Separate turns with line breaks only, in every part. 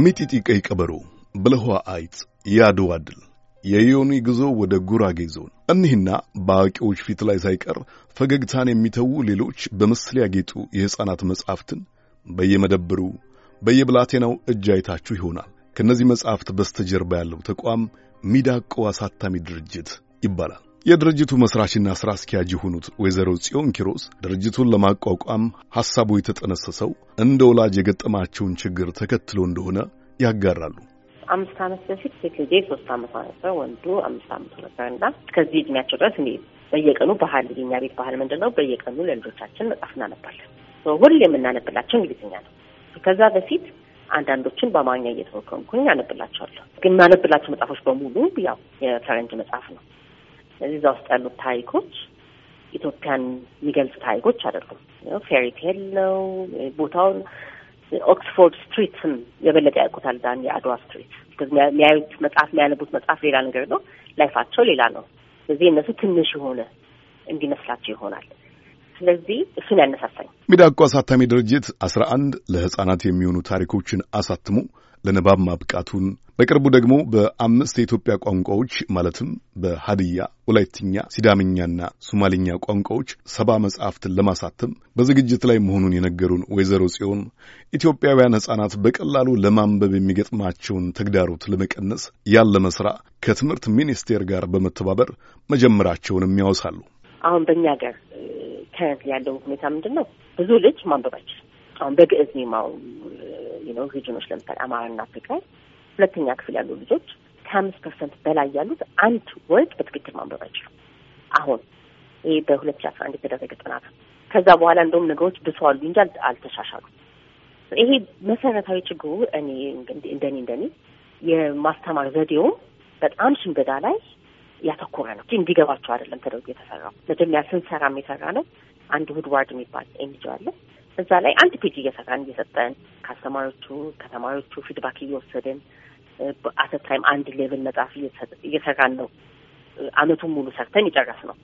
ሚጢጢ ቀይ ቀበሮ፣ ብልኋ አይጥ፣ የአድዋ ድል፣ የዮኒ ጉዞ ወደ ጉራጌ ዞን እኒህና በአዋቂዎች ፊት ላይ ሳይቀር ፈገግታን የሚተዉ ሌሎች በምስል ያጌጡ የሕፃናት መጻሕፍትን በየመደብሩ በየብላቴናው እጅ አይታችሁ ይሆናል። ከእነዚህ መጻሕፍት በስተጀርባ ያለው ተቋም ሚዳቆ አሳታሚ ድርጅት ይባላል። የድርጅቱ መስራችና ስራ አስኪያጅ የሆኑት ወይዘሮ ጽዮን ኪሮስ ድርጅቱን ለማቋቋም ሐሳቡ የተጠነሰሰው እንደ ወላጅ የገጠማቸውን ችግር ተከትሎ እንደሆነ ያጋራሉ።
አምስት ዓመት በፊት ሴት ልጄ ሶስት ዓመቷ ነበር፣ ወንዱ አምስት ዓመቱ ነበር እና እስከዚህ እድሜያቸው ድረስ እኔ በየቀኑ ባህል የኛ ቤት ባህል ምንድን ነው? በየቀኑ ለልጆቻችን መጽሐፍ እናነባለን። ሁሌ የምናነብላቸው እንግሊዝኛ ነው። ከዛ በፊት አንዳንዶችን በአማርኛ እየተወከንኩኝ አነብላቸዋለሁ። ግን የማነብላቸው መጽሐፎች በሙሉ ያው የፈረንጅ መጽሐፍ ነው። ስለዚህ እዛ ውስጥ ያሉት ታሪኮች ኢትዮጵያን የሚገልጹ ታሪኮች አይደሉም። ፌሪ ቴል ነው። ቦታውን ኦክስፎርድ ስትሪትም የበለጠ ያውቁታል ዳን የአድዋ ስትሪት የሚያዩት መጽሐፍ የሚያነቡት መጽሐፍ ሌላ ነገር ነው። ላይፋቸው ሌላ ነው። ስለዚህ እነሱ ትንሽ የሆነ እንዲመስላቸው ይሆናል። ስለዚህ እሱን ያነሳሳኝ
ሚዳቆ አሳታሚ ድርጅት አስራ አንድ ለህጻናት የሚሆኑ ታሪኮችን አሳትሞ ለንባብ ማብቃቱን በቅርቡ ደግሞ በአምስት የኢትዮጵያ ቋንቋዎች ማለትም በሀድያ፣ ወላይትኛ፣ ሲዳምኛና ሶማሊኛ ቋንቋዎች ሰባ መጽሐፍትን ለማሳተም በዝግጅት ላይ መሆኑን የነገሩን ወይዘሮ ጽዮን ኢትዮጵያውያን ሕጻናት በቀላሉ ለማንበብ የሚገጥማቸውን ተግዳሮት ለመቀነስ ያለመ ስራ ከትምህርት ሚኒስቴር ጋር በመተባበር መጀመራቸውንም ያወሳሉ።
አሁን በእኛ ሀገር ከረንት ያለው ሁኔታ ምንድን ነው? ብዙ ልጅ ማንበብ አሁን በግዕዝ ኒማው ነው ሪጅኖች ለምሳሌ አማራና ትግራይ ሁለተኛ ክፍል ያሉ ልጆች ከአምስት ፐርሰንት በላይ ያሉት አንድ ወርድ በትክክል ማንበብ አይችሉም። አሁን ይህ በሁለት ሺ አስራ አንድ የተደረገ ጥናት ከዛ በኋላ እንደውም ነገሮች ብሰዋሉ እንጂ አልተሻሻሉም። ይሄ መሰረታዊ ችግሩ እኔ እንደኔ እንደኔ የማስተማር ዘዴውም በጣም ሽንገዳ ላይ ያተኮረ ነው እንዲገባቸው አይደለም ተደርጎ የተሰራው መጀመሪያ ስንሰራም የሰራ ነው አንድ ውድዋርድ የሚባል ኤንጂኦ አለ እዛ ላይ አንድ ፔጅ እየሰራን እየሰጠን ከአስተማሪዎቹ ከተማሪዎቹ ፊድባክ እየወሰድን አተ ታይም አንድ ሌቭል መጽሐፍ እየሰራን ነው። አመቱን ሙሉ ሰርተን የጨረስ ነው።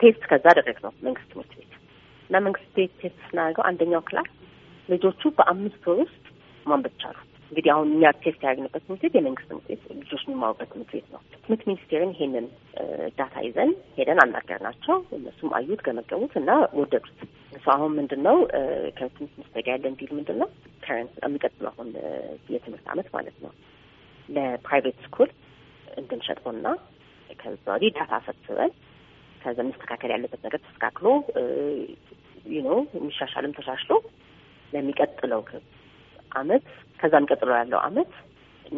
ቴስት ከዛ አደረግ ነው መንግስት ትምህርት ቤት እና መንግስት ቤት ቴስት ስናደርገው አንደኛው ክላስ ልጆቹ በአምስት ወር ውስጥ ማንበብ ቻሉ። እንግዲህ አሁን እኛ ቴስት ያደረግንበት ትምህርት ቤት የመንግስት ትምህርት ቤት ልጆች የሚማሩበት ትምህርት ቤት ነው። ትምህርት ሚኒስቴርን ይሄንን ዳታ ይዘን ሄደን አናገርናቸው። እነሱም አዩት፣ ገመገሙት እና ወደዱት። አሁን ምንድን ነው ከትንሽ መስተጋ ያለን ቢል ምንድን ነው ከረንት የሚቀጥለው አሁን የትምህርት አመት ማለት ነው ለፕራይቬት ስኩል እንድንሸጠውና ከዛ ወዲህ ዳታ ሰብስበን ከዚ መስተካከል ያለበት ነገር ተስተካክሎ ዩኖ የሚሻሻልም ተሻሽሎ ለሚቀጥለው አመት ከዛ የሚቀጥለው ያለው አመት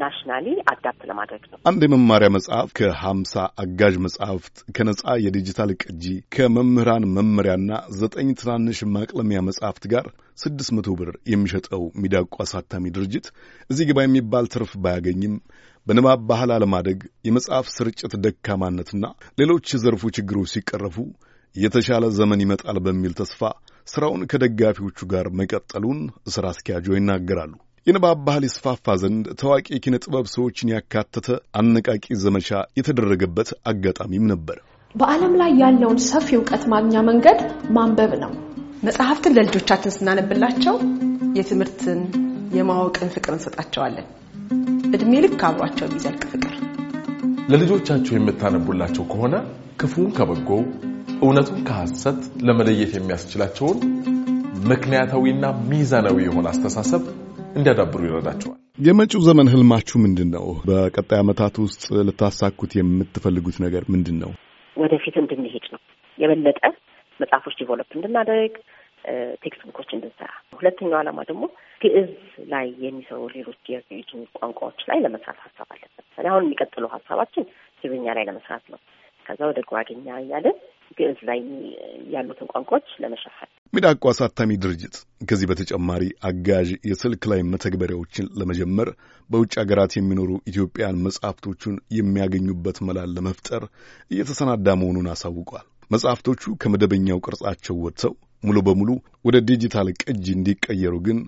ናሽናሊ አዳፕት ለማድረግ ነው።
አንድ የመማሪያ መጽሐፍ ከሀምሳ አጋዥ መጽሐፍት ከነጻ የዲጂታል ቅጂ ከመምህራን መመሪያና ዘጠኝ ትናንሽ ማቅለሚያ መጽሐፍት ጋር ስድስት መቶ ብር የሚሸጠው ሚዳቋ አሳታሚ ድርጅት እዚህ ግባ የሚባል ትርፍ ባያገኝም በንባብ ባህል አለማደግ፣ የመጽሐፍ ስርጭት ደካማነትና ሌሎች የዘርፉ ችግሮች ሲቀረፉ የተሻለ ዘመን ይመጣል በሚል ተስፋ ስራውን ከደጋፊዎቹ ጋር መቀጠሉን ስራ አስኪያጆ ይናገራሉ። የንባብ ባህል ይስፋፋ ዘንድ ታዋቂ የኪነ ጥበብ ሰዎችን ያካተተ አነቃቂ ዘመቻ የተደረገበት አጋጣሚም ነበር።
በዓለም ላይ ያለውን ሰፊ እውቀት ማግኛ መንገድ ማንበብ ነው። መጽሐፍትን ለልጆቻችን ስናነብላቸው የትምህርትን የማወቅን ፍቅር እንሰጣቸዋለን። እድሜ ልክ አብሯቸው የሚዘልቅ ፍቅር።
ለልጆቻችሁ የምታነቡላቸው ከሆነ ክፉን ከበጎው እውነቱን ከሐሰት ለመለየት የሚያስችላቸውን ምክንያታዊና ሚዛናዊ የሆነ አስተሳሰብ እንዲያዳብሩ ይረዳቸዋል። የመጪው ዘመን ህልማችሁ ምንድን ነው? በቀጣይ ዓመታት ውስጥ ልታሳኩት የምትፈልጉት ነገር ምንድን ነው?
ወደፊት እንድንሄድ ነው። የበለጠ መጽሐፎች ዲቨሎፕ እንድናደርግ፣ ቴክስት ቡኮች እንድንሰራ። ሁለተኛው ዓላማ ደግሞ ግዕዝ ላይ የሚሰሩ ሌሎች የግዕዙ ቋንቋዎች ላይ ለመስራት ሀሳብ አለብን። አሁን የሚቀጥለው ሀሳባችን ትግርኛ ላይ ለመስራት ነው። ከዛ ወደ ጉራጌኛ እያለን ግዕዝ ላይ ያሉትን ቋንቋዎች ለመሸፈን።
ሚዳቋ አሳታሚ ድርጅት ከዚህ በተጨማሪ አጋዥ የስልክ ላይ መተግበሪያዎችን ለመጀመር በውጭ ሀገራት የሚኖሩ ኢትዮጵያን መጽሐፍቶቹን የሚያገኙበት መላል ለመፍጠር እየተሰናዳ መሆኑን አሳውቋል። መጽሐፍቶቹ ከመደበኛው ቅርጻቸው ወጥተው ሙሉ በሙሉ ወደ ዲጂታል ቅጅ እንዲቀየሩ ግን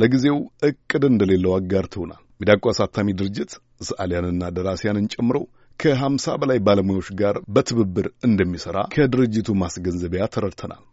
ለጊዜው እቅድ እንደሌለው አጋርተውናል። ሚዳቋ አሳታሚ ድርጅት ሰዓሊያንና ደራሲያንን ጨምሮ ከ50 በላይ ባለሙያዎች ጋር በትብብር እንደሚሰራ ከድርጅቱ ማስገንዘቢያ ተረድተናል።